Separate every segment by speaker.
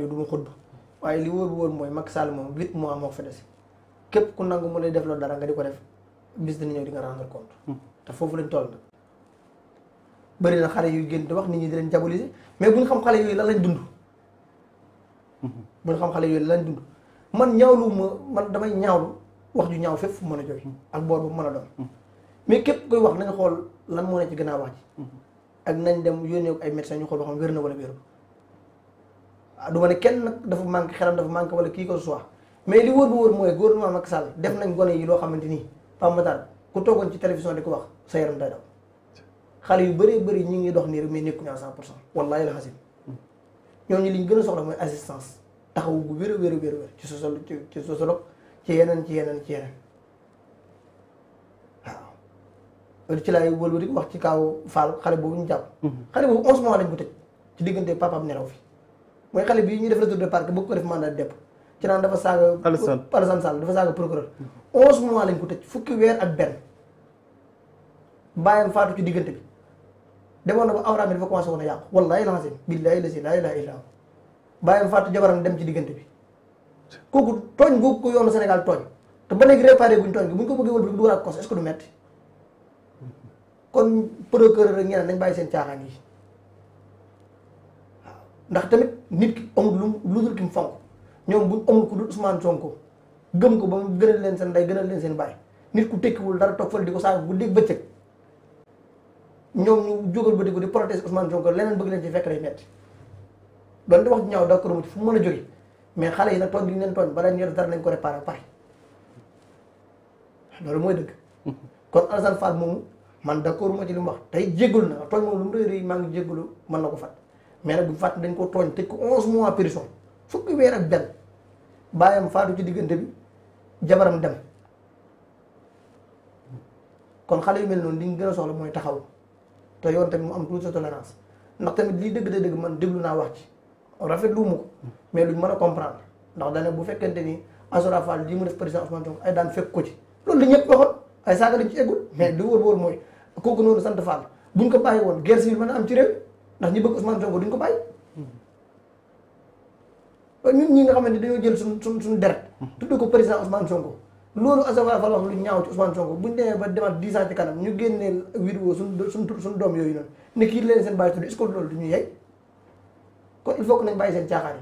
Speaker 1: lii du ma xutba waaye li wóor bu wóor mooy Macky Sall moom huit mois moo ko fa des képp ku nangu mu lay def loolu dara nga di ko def bis dina ñëw di nga compte. Hmm. te foofu lañ toll nag. bëri na xale yuy génn di wax nit ñi di leen diaboliser mais bu ñu xam xale yooyu lan lañ dund. Hmm. bu ñu xam dund man ñaawlu ma man damay ñaawlu wax ju ñaaw fépp fu mën a joxe. Hmm. ak boor bu mën a doon. mais képp koy wax nañ xool lan moo ne ci gën a wax ji. ak nañ dem yónnee ko ay médecins ñu xool ba na wala aduma ne kenn nag dafa manke xelam dafa manke wala ki ko so wax mais li wor bu wóor mooy gouvernement Macky Sall def nañ gone yi lo xamanteni ni dal ku togon ci télévision diko wax sa yaram day daw xale yu bëree bëri ñi ngi dox ni rek mais nekku ñu 100 wallahi cent wallaahi la xasin ñooñu liñ gën a soxla moy assistance taxaw gu wér a wér a wér ci social ci sociologue ci yenen ci yenen ci yeneen waaw loolu ci laay wëlbati wax ci kaw fal xali boobu ñu japp mhm. xali boobu 11 mois lañ ko tej ci diggante papaam neraw fi moy xale bi ñuy def retour de parquet bu ko def mandat de ci nan dafa saaga Alassane sal dafa saaga procureur 11 mois lañ ko tecc fukki wër ak ben bayam faatu ci digënté bi demoon na ba awra bi dafa commencé wona yaq wallahi la lancim billahi la ilaha illa bayam faatu jabaram dem ci digënté bi koku togn bu ko yoonu Sénégal togn te ba léegi réparé buñ togn buñ ko bëggé ko bëggee wëlbati dugal ak est-ce que du metti kon procureur ak ñeneen nañ bàyyi seen caaxaan yi ndax tamit nit ki amul lu lu dul ki mu fonk ñom bu amul ku dul Ousmane Sonko gëm ko ba mu gënal leen seen day gënal leen seen bay nit ku tekki wul dara tok fële di ko saaga bu dig beccëk ñom ñu jogal ba di ko di protéger Ousmane Sonko leneen bëgg leen ci fekk lay metti doon di wax ñaw da ko ci fu mëna mën mais xalé yi nag tok gi ñu leen tooñ balaa ñu yor dara nañ ko réparer ba pare loolu moy dëgg kon alzan fat moomu man d'accord ma ci li wax tay jéggul na tok moom lu mu ri ma ngi jéggalu man na ko fat mais nag bu fàtt dañ koo tooñ te ko onze mois prison fukki weer ak benn baayam faatu ci diggante bi jabaram dem kon xale yu mel noonu li ñu gën a soxla mooy taxaw te yoon tamit mu am tuuti sa tolérance ndax tamit lii dëgg dëgg man déglu naa wax ci rafetlu ma ko mais luñ mën a comprendre ndax daanaka bu fekkente ni Azora Fall lii mu def président Ousmane Sonko ay daan fekk ko ci loolu la ñëpp waxoon ay saaga mais li wóor-wóor mooy kooku noonu sant Fall buñ ko bàyyi woon guerre civile mën a am ci réew. ndax ñu bëgg Ousmane Sonko duñ ko bàyyi. ñun ñi nga xamante ne dañoo jël suñ suñ suñ deret. Mm-hmm. tudd ko président Ousmane Sonko. loolu Assaoua Fall wax lu ñaaw ci Ousmane Sonko buñ demee ba demaat dix ans ci kanam ñu génne vidéo suñ doom yooyu noonu ne kii leen seen bàyyi ñu yey kon il faut nañ bàyyi seen caaxaan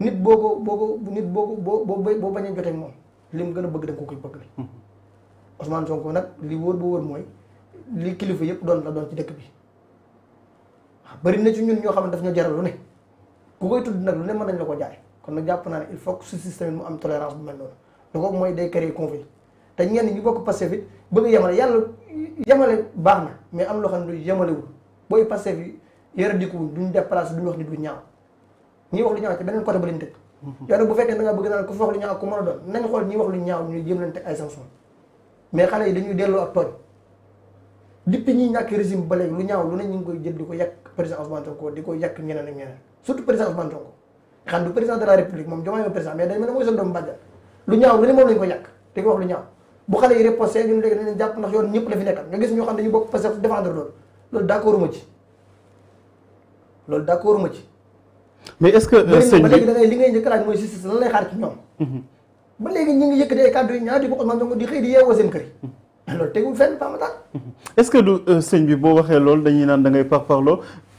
Speaker 1: yi nit boo ko boo ko nit boo boo boo bañ a jotee moom li mu gën a bëgg da ko koy bëgg la mm-hmm. Ousmane Sonko nag li wóor ba wóor mooy li kilifa yëpp doon la doon ci dëkk bi bari na ci ñun ñoo xam ne daf ñoo jaral lu ne ku koy tudd nag lu ne mën nañ la ko jaay kon na jàpp naa ne il faut que su système mu am tolérance bu mel noonu lu ko mooy day créer conflit te ñenn ñu bokk Pastef it bëgg a yàlla yemale baax na mais am loo xam ne lu yemalewul booy Pastef yi yara dikuwuñ duñ déplacé duñ wax nit lu ñaaw ñiy wax lu ñaaw ci beneen côté ba lañ tëj mhm. yow nag bu fekkee da ngaa bëgg naan ku fi wax lu ñaaw ku mën a doon nañ ñu mais xale yi dañuy delloo ak tooñ depuis ñi ñàkk ba léegi ñaaw lu ñu ngi koy jël di ko yàq président Ousmane Sonko diko yak ñeneen ak ñeneen surtout président Ousmane Sonko xam du président de la république mom jomaay président mais dañ mëna moy sa seen doom bàjjan lu ñaaw lu ne moom lañ ko yak di ko wax lu ñaaw bu xalé yi reposé ñu légui dañu japp ndax yoon ñepp la fi nekkal nga gis ñu xam dañu bok bokk Pastef défendre lool lool d'accord ma ci lool d'accord ma ci mais est-ce que euh, bi ba da ngay li ngay ñëk laaj moy justice lan lay xaar ci ñoom mhm. ba légui ñi ngi yëk dé cadre yi ñaar di ko Ousmane Sonko di xey di yéwo seen kër yi mhm. loolu fenn Pape mhm.
Speaker 2: est-ce que du euh, sëñ bi boo waxee loolu dañuy naan da ngay parparloo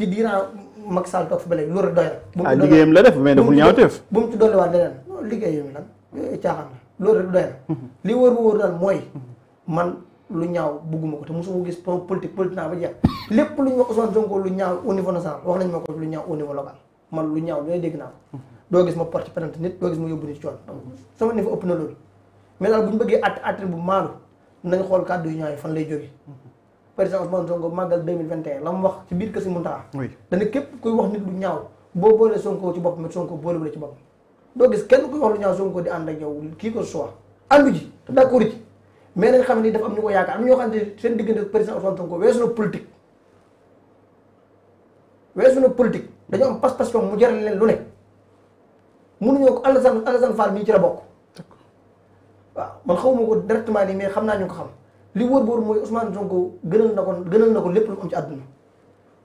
Speaker 1: ci diiran mak sal tok fi ba doy na. ah liggéeyam la def mais deful ñaawteef. bu mu ci dolli waat leneen kan? loolu liggéeyam lan eh, caaxaan doy mhm. li wóor wóor daal man lu ñaaw bugguma ko te mosuma gis politique politique naa ba jeex lépp lu ñu wax Ousmane Sonko lu ñaaw au niveau national wax nañ ma ko lu ñaaw au niveau local man lu ñaaw loolu dégg na do gis ma porte plainte nit do gis ma yóbbu nit coon sama niveau ëpp na loolu mais daal bu bëggee att atté bu maalu nañ xool kàddu yu ñaaw fan lay jógee. Mhm président Ousmane Sonko magal 2021 lam wax ci bir kër si Mountakha. oui dana kep kuy wax nit lu ñaaw bo boolee Sonko ci bop boppam Sonko boolewul ci bop do gis kenn kuy wax lu ñaaw Sonko di and ak yow ki ko soit andu ji d'accord ci mais nañ xam ne dafa am ñu ko yaakaar am ñoo xam ne seen diggante président Ousmane Sonko weesu no politique. weesu no politique dañu am pass pas mu jaral leen lu ne mënuñoo ko Alassane Alassane Fall mi ci la bok waaw man xawma ko directement ni mais xam naa ñu ko xam. li wóor boor mooy Ousmane Sonko gënal na ko gënal na ko lépp lu am ci àdduna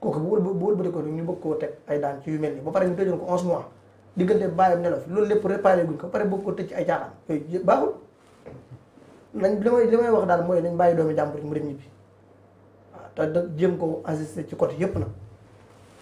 Speaker 1: kooku bu wël bu wël bëri ko ñu bëgg koo teg ay daan ci yu mel nii ba pare ñu tëjoon ko 11 mois diggante bàyyam nelaw fi loolu lépp réparé guñ ko ba pare bëgg koo tëj ci ay caaxaan yooyu baaxul nañ li may li may wax daal mooy nañ bàyyi doomi jàmbur mu dem ñibbi waaw te da jéem ko assister ci côté yëpp nag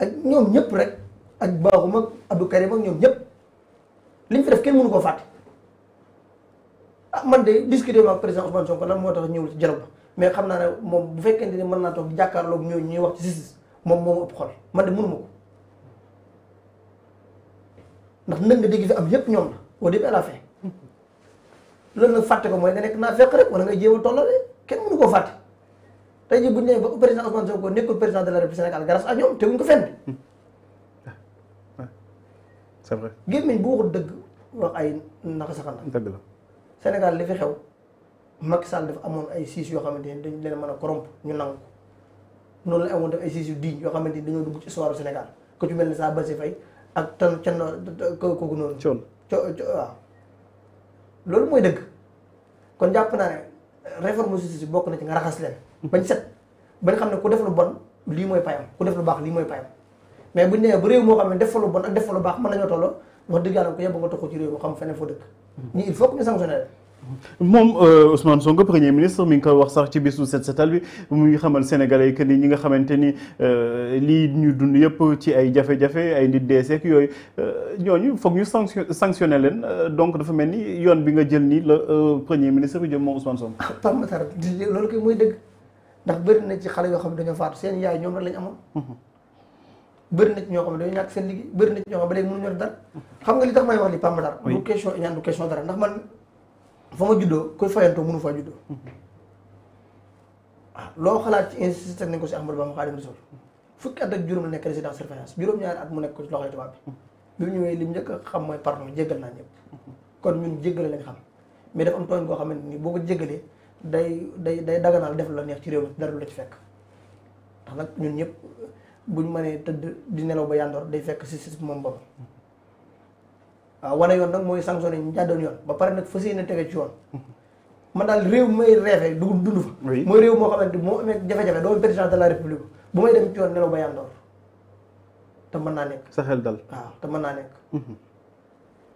Speaker 1: ak ñoom ñëpp rek ak baaxum ak Abdou Karim ak ñoom ñëpp li ñu fi def kenn mënu koo fàtte ah man de discuter ma ak président Ousmane Sonko lan moo tax ñëwul ci dialogue ba mais xam naa ne moom bu fekkente ne mën naa toog jàkkaarloog ñooñu ñuy wax ci justice moom moo ëpp xol man de mënu ma ko ndax nag nga dégg si am yëpp ñoom la au début à la loolu nag fàtte ko mooy nga nekk naa fekk rek wala ngay jéem a tolloo de kenn mënu koo fàtte. tey jii bu ñu nee ba président Ousmane Sonko nekkul président de la République Sénégal grâce à ñoom teguñ ko fenn. c'est vrai gémmiñ bu waxul dëgg wax ay naka saxal la. dëgg la Sénégal li fi xew Macky Sall dafa amoon ay siis yoo xamante ni dañ leen mën a corrompre ñu nangu noonu la amoon def ay siis yu diñ yoo xamante ni dugg ci histoire Sénégal ku ci mel ni saa Bassirou ak tan can kooku noonu. coon co waaw ah. loolu mooy dëgg kon jàpp naa ne réforme justice bokk na ci nga raxas bañ set bañ xam ne ku def lu bon li moy payam ku def lu bax li moy payam mais buñ neew bu rew mo xamne def lu bon ak def lu bax man lañu tolo wax deug yalla ko yebbu nga toxu ci rew moo xam fene fo dëkk ni il faut que ñu sanctionné
Speaker 2: moom euh, Ousmane Sonko premier ministre mi ngi koy wax sax ci bisu set setal bi mu ngi xamal sénégalais que ni ñi nga xamanteni ni euh, lii ñu dund yépp ci ay jafé jafé ay nit deeseek yooyu euh, ñooñu foog ñu sanction sanctionné leen donc dafa melni yoon bi nga jël nii la premier ministre bi jëm moom Ousmane Sonko.
Speaker 1: Pape tar loolu kay mooy deug ndax bëri nañ ci xale yoo xam ne dañoo faatu seen yaay ñoom rek lañ amoon bëri na ci ñoo xam ne dañoo ñàkk seen liggéey bëri na ci ñoo xam ne ba léegi mënuñu def dara xam nga li tax may wax li Pamba dara du question ñaan du question dara ndax man fa ma juddoo kuy fayantoo faa juddoo waaw ah, loo xalaat ci insisté nañ ko si Ahmadou Bamba Xaadimu Rasuul fukki nekk résidence surveillance ñaari at mu nekk ko ci loxoy tubaab bi bi mu ñëwee li mu njëkk a xam mooy pardon jéggal naa ñëpp xam mais dafa am tooñ koo xamante ni boo ko jéggalee day day day daganal def la neex ci réew mi dara du la ci fekk ndax nag ñun ñëpp buñ mënee tëdd di nelaw ba yàndoor day fekk si si moom boobu waaw wane yoon nag mooy sanctionné ñu jàddoon yoon ba pare nag fa yéene tege ci yoon man daal réew may reefee dugub dund fa mooy réew moo xamante moo amee jafe-jafe doomu président de la république bu may dem ci yoon nelaw ba yàndoor te mën naa nekk sa xel dal waaw te mën naa nekk mhm.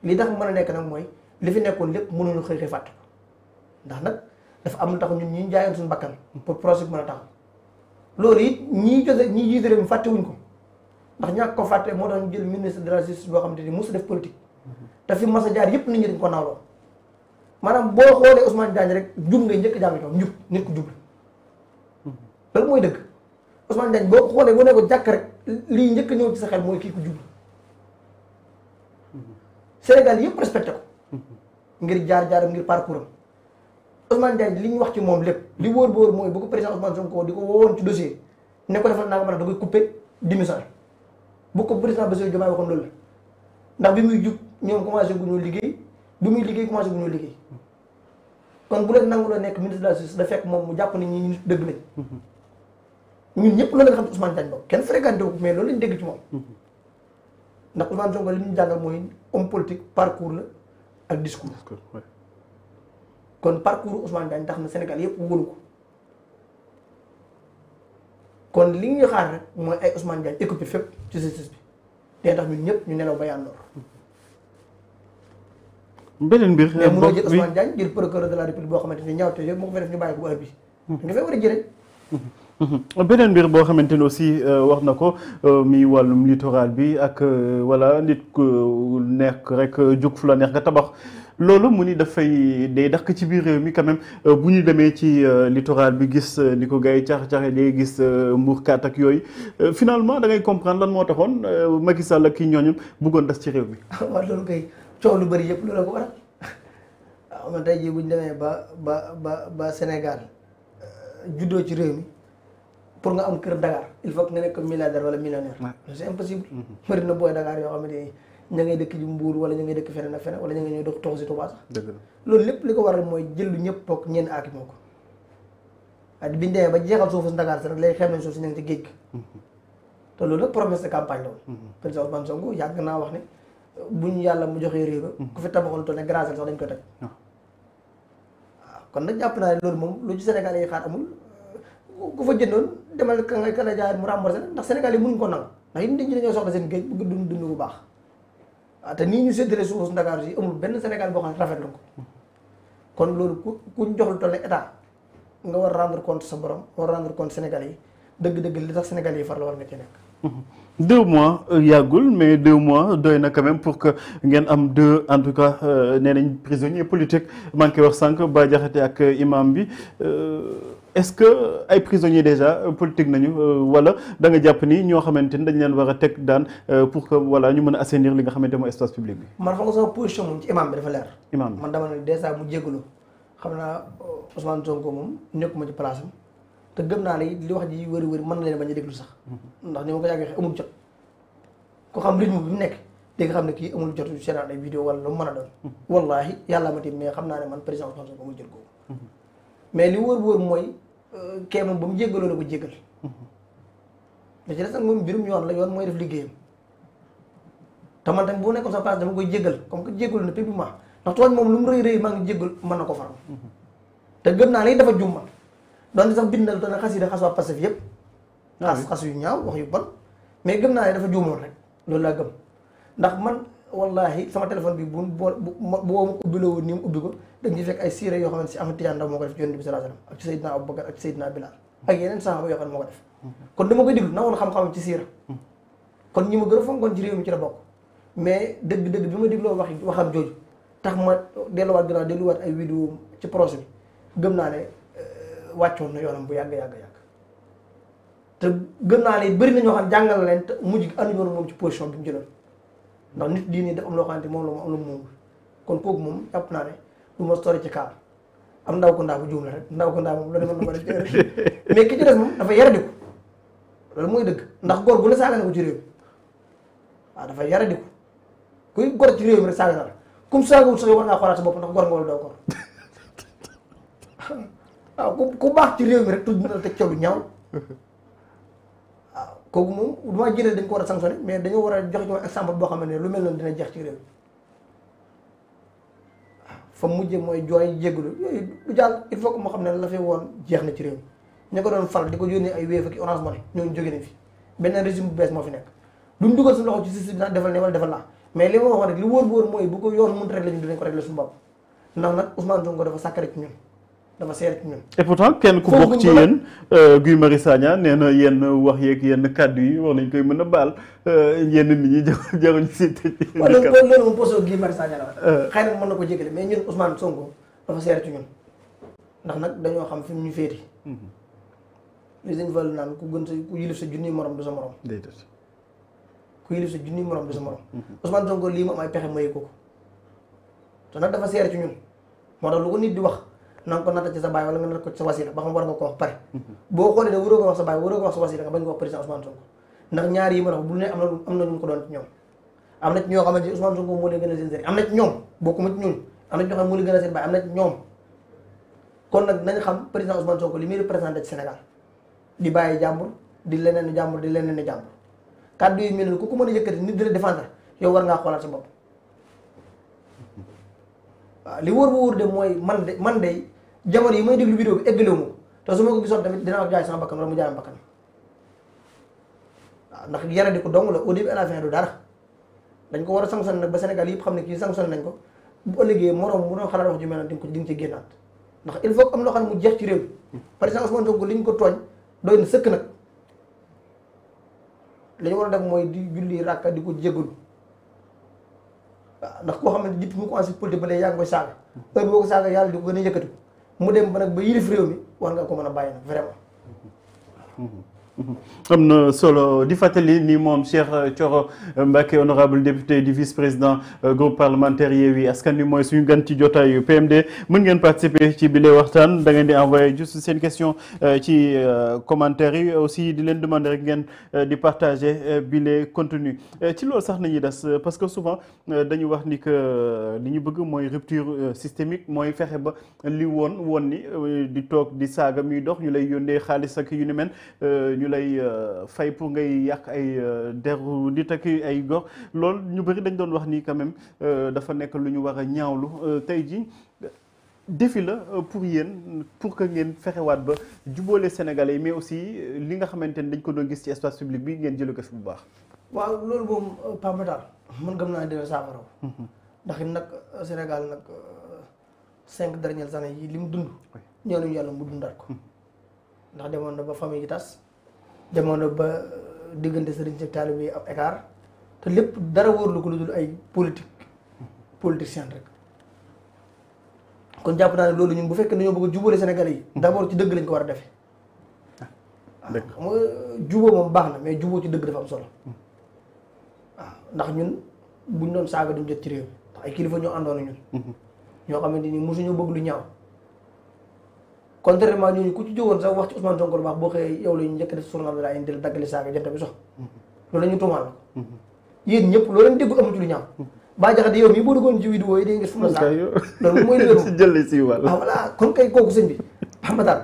Speaker 1: li tax mën a nekk nag mooy li fi nekkoon lépp mënuñu xëy xëy fàtt dafa am lu tax ñun ñu jaayoon suñu bakkan pour projet bi mën a taxaw loolu it ñii jose ñii jiite réew mi fàttewuñ ko ndax ñàkk ko fàtte moo tax jël ministre de la justice boo xam te ni sa def politique te fi mas a jaar yëpp nit ñi dañ ko naawloo maanaam boo xoolee Ousmane rek jub ngay njëkk jaam ci njub nit la loolu mooy dëgg Ousmane Diagne boo xoolee bu ne ko jàkk rek lii njëkk ñëw ci sa xel mooy kii ku jub Sénégal yëpp respecté ko ngir jaar jaaram ngir parcours am Ousmane Diagne li ñu wax ci moom lépp li wóor wóor mooy bu ko président Ousmane Sonko di ko wowoon ci dossier ne ko defal naa ko mën a da koy coupé démission bu ko bi muy jug ñoom commencé gu ñu liggéey bi muy liggéey commencé gu liggéey kon bu leen nangu la nekk ministre de la moom mu jàpp ne ñun ñëpp la nga xam ne kenn fréquenté wu mais loolu lañ dégg ci moom ndax Ousmane Sonko li ñu jàngal mooy homme politique parcours la ak discours kon parcours Ousmane Diagne tax na Sénégal yëpp wóolu ko kon li ñu xaar rek mooy ay Ousmane Diagne écopé fépp ci justice bi te tax ñun ñëpp ñu nelaw ba yàndoor.
Speaker 2: beneen mbir. mais mënoo jël Ousmane
Speaker 1: Diagne jël procureur de la boo xamante ni ñaaw te yëpp moo ko fa def ñu bàyyi ko bu bi ñu fay war a
Speaker 2: jëlee. beneen mbir boo xamante ne aussi euh, wax na ko euh, mi wàllum littoral bi ak wala euh, nit ku nekk rek jóg fu la neex nga tabax. loolu mu ni dafay day dàq ci biir réew mi quand euh, bu ñu demee ci euh, littoral bi gis euh, ni ko gars yi caax-caaxe day gis mbuurkat ak yooyu finalement da ngay lan moo taxoon Macky Sall ak kii ñooñu bëggoon des ci réew mi.
Speaker 1: waaw lu bëri yëpp ko waral xam nga tey ba ba ba ba Sénégal juddoo ci réew mi. pour nga am kër Dakar il faut nga nekk milliardaire wala millionnaire. c'est impossible. Mm-hmm. bëri na booy Dakar yoo xam ne ñay dëkk ji mbuur wala ñay dëkk fenen ak fenen wala ñay ngay ñëw dëkk toxu si Tuubaa sax dëgg la loolu lepp liko waral moy jël lu ñëpp tok ñen ak moko ad biñ dé ba jéxal sofu si sax lay rek sofu xeeb ci géej gi te loolu promesse de campagne la woon mm-hmm. président Ousmane Sonko yag na wax ni buñ yalla mu joxé réew mm-hmm. ku fi tabaxoon to né grâce sax dañ ko tek ah. kon nag japp na loolu mom lu ci Sénégal yi xaar amul ku fa jëndoon demal ka nga ka la jaay mu rembourser ndax Sénégal yi mënu ko nang ndax yéen dañu soxla seen géej bu dund dund bu baax ata ah, ni ñu séddale suuf su Ndakaaru si amul benn Sénégal boo xam ne rafetlu ko kon loolu ku ku ñu jox lu toll état nga war rendre compte sa borom war rendre compte Sénégal yi dëgg-dëgg li tax Sénégal yi far la war nga ci nekk.
Speaker 2: Mmh. deux mois euh, yàggul mais deux mois doy na quand même pour que ngeen am deux en tout cas euh, nee nañ prisonniers politiques maa ngi koy wax sànq ba jaxate ak imam bi. Euh, est-ce que ay prisonniers déjà euh, politique nañu euh, wala da nga jàpp nii ñoo xamante ni dañu leen war a teg daan euh, pour que voilà ñu mën a assainir li nga xamante mooy espace public bi.
Speaker 1: man foog nga sama position moom ci imam man dama ne déjà mu jégalu xam naa Ousmane Sonko moom nekkuma ci place am te gëm naa ne li wax ji wëri wëri mën na leen bañ a déglu sax. Mhm. ndax ni ko yàggee waxee amul jot. ku xam rythme bi mu nekk di xam ne kii amul jot yu a ay vidéo wala lu mu mën a doon. Mhm. wallaahi yàlla ma tiim mais xam naa ne man président Ousmane Sonko amul jot googu. Mhm. mais li wóor-wóor mooy euh, kee moom ba mu jéggaloo la ko jéggal. li ci des nag moom mbirum yoon la yoon mooy def liggéeyam te man tamit bu nekkoon sa place dama koy jéggal comme que jéggalu na publiquement ndax tooñ moom lu mu rëy rëy maa ngi jéggal mën na ko faral. te gëm naa lay dafa jumma doon sax bindal doon na xas yi da xas waa Pastef yëpp. Ah xas xas yu ñaaw wax yu bon mais gëm naa ne dafa juumoon rek loolu laa gëm ndax man. wallahi sama téléphone bi bu bu boo ma ubbiloo woon ni mu ubbi ko dañ ci fekk ay siira yoo xamante si Ahmad Tijaan moo ko def yonent bi sallallahu alayhi wasallam ak ci Seydina Abubakar xam ne moo ko def kon dama koy déglu na woon xam-xamam kon ñi ma gën a fonkoon ci réew mi ci la dëgg-dëgg bi ma dégloo wax waxam jooju tax ma delluwaat gannaaw delluwaat ay vidéo ci projet bi gëm naa ne euh, wàccoon na yoonam bu yàgg yàgg yàgg te gëm naa ne bëri na jàngal leen te mujj gi anduñu woon moom ci position bi mu jëloon ndax nit diine dafa am loo xamante moom la mu am lu moom kon kooku moom jàpp naa ne du ma sori ci kaam am ndaw ko ndaa bu juum la rek ndaw ko ndaa moom loolu mën na mooy dëgg ndax góor bu ne saaga ko ci réew mi waaw ah, dafa yaradiku kuy góor ci réew mi rek saaga na la comme saagawul sax war ngaa xoolaat sa bopp ndax góor nga wala doo góor waaw ah, ku baax ci réew mi rek tudd na la teg colu kooku moom du ma dañ ko war a sanctionné mais dañoo war a joxe ci moom exemple boo xam ne lu mel noonu dina jeex ci réew mi fa mujjee mooy jooy jégalu yooyu du jàll il moo xam ne la fi woon jeex na ci réew mi ñu ko doon fal di ko yónnee ay Wave ak Orange Money ñooñu jóge nañ fi benn régime bu bees moo fi nekk duñ dugal suñu loxo ci système bi naan defal ne wala defal laa mais li ma waxoon rek li wóor bu mooy bu ko yoon mënut rek la ñu dinañ ko régler suñu bopp ndax nag Ousmane Sonko dafa sàkkare ci ñun dama seer ci ñun
Speaker 2: et pourtant kenn ku bokk ci yéen euh, Guy Marie Sagna nee na yenn wax yeeg yenn kàddu yi wax nañ koy mën a baal euh, yenn nit ñi jaruñ si tëj loolu
Speaker 1: moom posé Guy Marie Sagna la euh. xëy na ko jéggale mais ñun Ousmane Sonko dafa seer ci ñun ndax nag dañoo xam fi mu ñu féeti li dañ fal naan ku gën ku yilif sa junni morom du sa morom ku yilif sa junni morom du sa morom mm-hmm. Ousmane Sonko lii mu am ay pexe mayu ko te dafa seer ci ñun moo tax lu ko nit di wax na nga ko natta ci sa baay wala nga natt ci sa wasila ba xam war nga ko wax pare boo xoolee ne waroo ko wax sa baay waroo ko wax sa wasila nga bañ ko wax président Ousmane Sonko yi ma wax bu ne am na ñoom am na ñoo xamante ne Ousmane Sonko moo a ñoom bokkuma ci na ñoo xam moo a na ñoom kon nag nañ xam président Ousmane Sonko li muy représenté ci Sénégal bàyyi jàmbur di leneen jàmbur di leneen jàmbur kàddu yi mel ni ku ko mën a yëkkati nit di la défendre yow war ngaa xoolaat sa bopp waaw li wóor bu wóor de mooy man de man de jamono yi may deglu video bi eggelo ma taw suma ko gisoon tamit dina wax jaay sama ah, oh, bakam wala kan, mu jaay bakkan waaw ndax yara di ko dong la au ala fin du dara dañ ko wara sanction nak ba senegal yep xamne ki sanction nañ ko bu ëllëgee moroom mu do xalaat wax ju mel ne ko di nga ci génnaat ndax il faut am lo xamne mu jeex ci rew par exemple Ousmane Sonko liñ ko togn doyna seuk nak nag wara def moy di julli rakka di ko jégalu ndax ko xamne ne jiitu mu ko ensuite politique ba léegi yaa ngi heure boo ko saaga yàlla di ko gën a mu dem ba nag ba yilif réew mi war nga ko mën a bàyyi nag
Speaker 2: Comme solo di fàttali ni mom Cheikh euh, Thioro euh, mbake honorable député du vice-président euh, groupe parlementaire Yewwi Askan Wi mooy suñu ganti jotay jotaayu PMD mën ngeen participer ci bile waxtan da ngeen di envoyer juste sen question ci commentaire aussi di len demander rek ngeen di partager bile contenu ci loolu sax nañuy des parce que souvent dañu wax ni que li bëgg moy rupture systémique moy fexé ba li won won ni di tok di saga muy dox ñu lay yónnee xaliss ak yu ni mel ñu lay euh, fay pour ngay yàq ay euh, deru nit ak ay góor lool ñu bëri dañ doon wax nii quand même euh, dafa nekk lu ñu war a ñaawlu tey ji defi la pour yéen pour que ngeen fexewaat ba jubóole Sénégalais yi mais aussi li nga xamante ni dañ ko doon gis ci espace public bi ngeen jëlee ko fi bu baax.
Speaker 1: waaw loolu moom Pambatal man gëm naa dina saafara mhm. ndax nag Sénégal nag cinq dernières années yi li mu dund. ñooñu yàlla mu dundaat ko. Mhm. ndax demoon na ba famille yi tas. jamono ba diggante sëriñ ci taalibe yi ab écart te lépp dara wóorlu ko lu dul ay politique politicien rek kon jàpp naa ne loolu ñun bu fekkee dañoo bëgg a jubale Sénégal yi d'abord ci dëgg lañ ko war a defe ah, dëgg xam nga juboo moom baax na mais juboo ci dëgg dafa am solo waaw hmm. ah, ndax ñun buñ doon saaga duñ jot ci réew ndax ay kilifa ñoo àndoon ñun hmm. ñoo xamante ni mosuñu bëgg lu ñaaw contrairement ñooñu ku ci jógoon sax wax ci Ousmane Sonko lu baax boo xëyee yow la ñu njëkk def journal bi indil daggali saaga jant bi sox loolu ñu tuumaal ñëpp loo leen déggul amatu lu ñaaw baa jaxate yow mii boo duggoon ci vidéo yi day gis fu mu la saa loolu mooy léeru si
Speaker 2: jël si wàll
Speaker 1: a ah, voilà kon kay kooku sëñ bi xam nga daal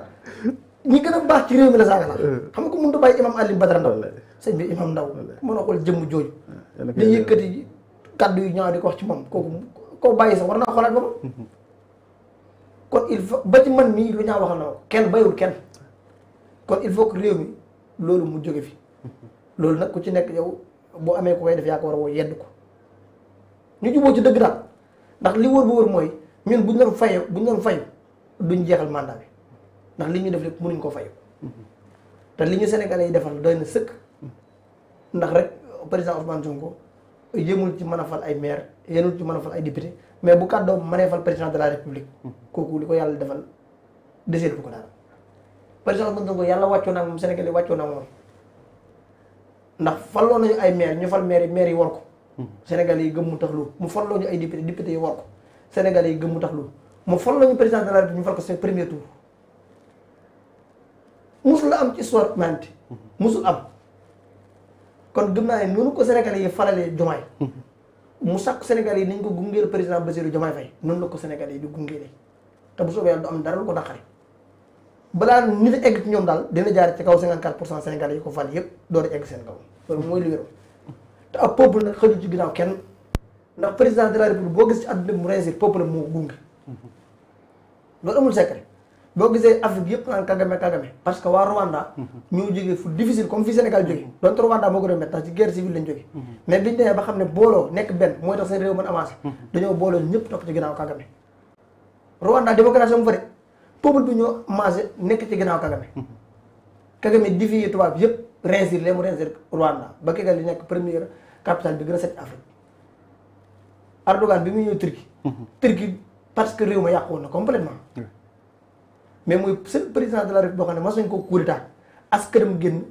Speaker 1: ñi gën a baax ci réew mi la saaga la euh. xam nga ko mënut a bàyyi imam Aliou Badara Ndaw sëñ bi imam Ndaw mën a xool jëmm jooju ah, di yëkkati kaddu yu ko wax ci moom kooku koo bàyyi sax war naa xoolaat boppam mm-hmm. kon il faut ba ci man mii lu ñaa waxal na ko kenn bayul kenn kon il faut que réew mi loolu mu jóge fi loolu nag ku ci nekk yow boo amee ko koy def yaa ko war a woo yedd ko ñu juboo ci dëgg daal ndax li wóor mooy ñun buñ leen fayu buñ leen fayu duñ jeexal mandat bi ndax li ñu def lépp mënuñ ko fayu te li ñu Sénégalais yi defal doy na sëkk ndax rek président Ousmane Sonko yëmul ci mën a fal ay maire yëmul ci mën a fal ay député mais bu kàddoom maneefal président de la république hmm. kooku li ko yàlla defal deseetu ko dara président Ousmane Sonko yàlla wàccoo naa moom Sénégal yi wàccoo naa moom ndax falloo nañu ay maire ñu fal maire yi maire yi war ko hmm. Sénégal yi gëm mu tax loolu mu falloo ñu ay député député yi war ko Sénégal yi gëm mu tax loolu mu falloo ñu président de la république ñu fal ko seen premier tour musul am ci histoire humanité hmm. musul am kon gëm naa ne noonu ko Sénégal yi falalee Diomaye mu sakku Sénégal yi nañ ko gungeel président Bassirou Diomaye fay noonu la ko Sénégal yi di gungeelee te bu soobee yàlla du am dara lu ko naqari balaa nit a egg ci ñoom daal dina jaar ci kaw 54 pour cent Sénégal yi ko fal yëpp door a egg seen kaw loolu mooy li wér te ab peuple nag xëju ci ginnaaw kenn ndax président de la république boo gis ci àdduna mu réussir peuple moo gunge loolu amul secret boo gisee Afrique yëpp naan Kagame Kagame parce que waa Rwanda mhm. ñoo jógee fu difficile comme fii Sénégal jóge mhm. donte Rwanda moo gën a métti ndax ci guerre civile lañ jóge mhm. mais biñu ba xam ne booloo nekk benn mooy tax seen réew mën avancé dañoo booloo ñëpp topp ci ginnaaw Kagame Rwanda démocratie am fa bi ñoo mangé nekk ci ginnaaw Kagame Kagame défier tubaab yëpp réussir lee mu réussir Rwanda ba Kigali nekk première capitale bi gën a set Afrique bi muy ñëw Turquie Turquie parce que réew ma na complètement mais mooy seul président de la République boo xam ne mas nañ ko coup d'état askanam génn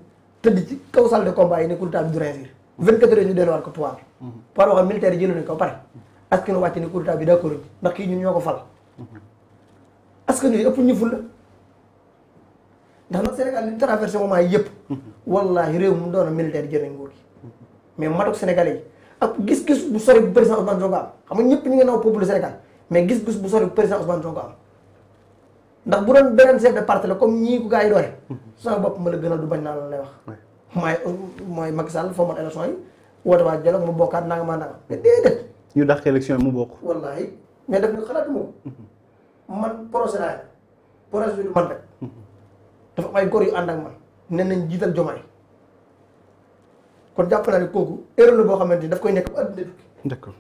Speaker 1: tëdd ci kaw de combat yi ne coup bi du réussir 24 heures ñu delluwaat ko pouvoir pouvoir boo xam militaire yi jëloon nañ ko pare askan wàcc ne ndax kii ñun ñoo ko fal askan yooyu ëpp ñu fulla ndax nag Sénégal li ñu traversé moment yi yëpp wallaahi réew mu doon militaire jël nañ nguur gi mais matuk Sénégalais yi ak gis-gis bu sori bu président Ousmane Sonko am xam nga ñëpp ñu ngi naw peuple Sénégal mais gis-gis bu sori bu président Ousmane Sonko ndax bu doon beneen chef de parti la comme ñii ku gars yi doore sama bopp ma la gënal du bañ naa la lay wax maay mooy Macky Sall foomoon élection yi woote waa ak mu bokkaat nanga ma nanga mais déedéet
Speaker 2: ñu dàq élection mu bokk
Speaker 1: wallaahi mais daf nga xalaatu moom man projet laa projet bi man rek dafa am ay gor yu ànd ak man nee nañ jiital jomaay kon jàpp naa ne kooku erreur la boo xamante ni daf koy nekk bu adduna
Speaker 2: tukki d'accord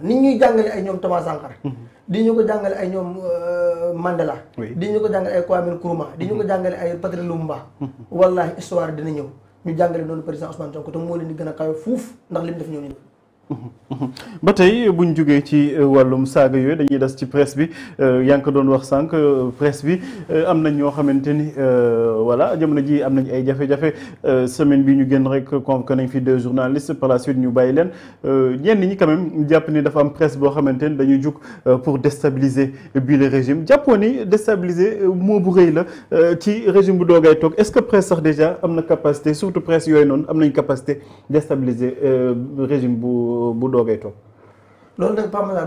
Speaker 1: nit ñuy jàngale ay ñoom Thomas Sankara mhm. di ñu ko jàngale ay ñoom euh, Mandela. di ñu ko jàngale ay Kwame Nkrumah. di ñu ko mm-hmm. jàngale ay Patrice Lumumba. Mm-hmm. wallaahi histoire dina ñëw ñu jàngale noonu président Ousmane Sonko te moo leen di gën a kawe fuuf ndax li mu def ñooñu.
Speaker 2: ba tey bu ñu ci euh, walum saga yoy dañuy des ci presse bi euh, yank doon wax sank euh, presse bi ñoo voilà jëmna ji am ay jafé jafé semaine bi ñu génn rek convoqué nañ fi deux journalistes par la suite ñu bàyyi leen ñi quand même japp ni dafa am presse bo xamanteni dañuy juk pour déstabiliser bi le régime japponi déstabiliser mo bu reuy la ci régime bu dogay tok est-ce que presse sax déjà amna capacité surtout presse yoy non am capacité déstabiliser régime bu. bu doogay toog. loolu nag Pape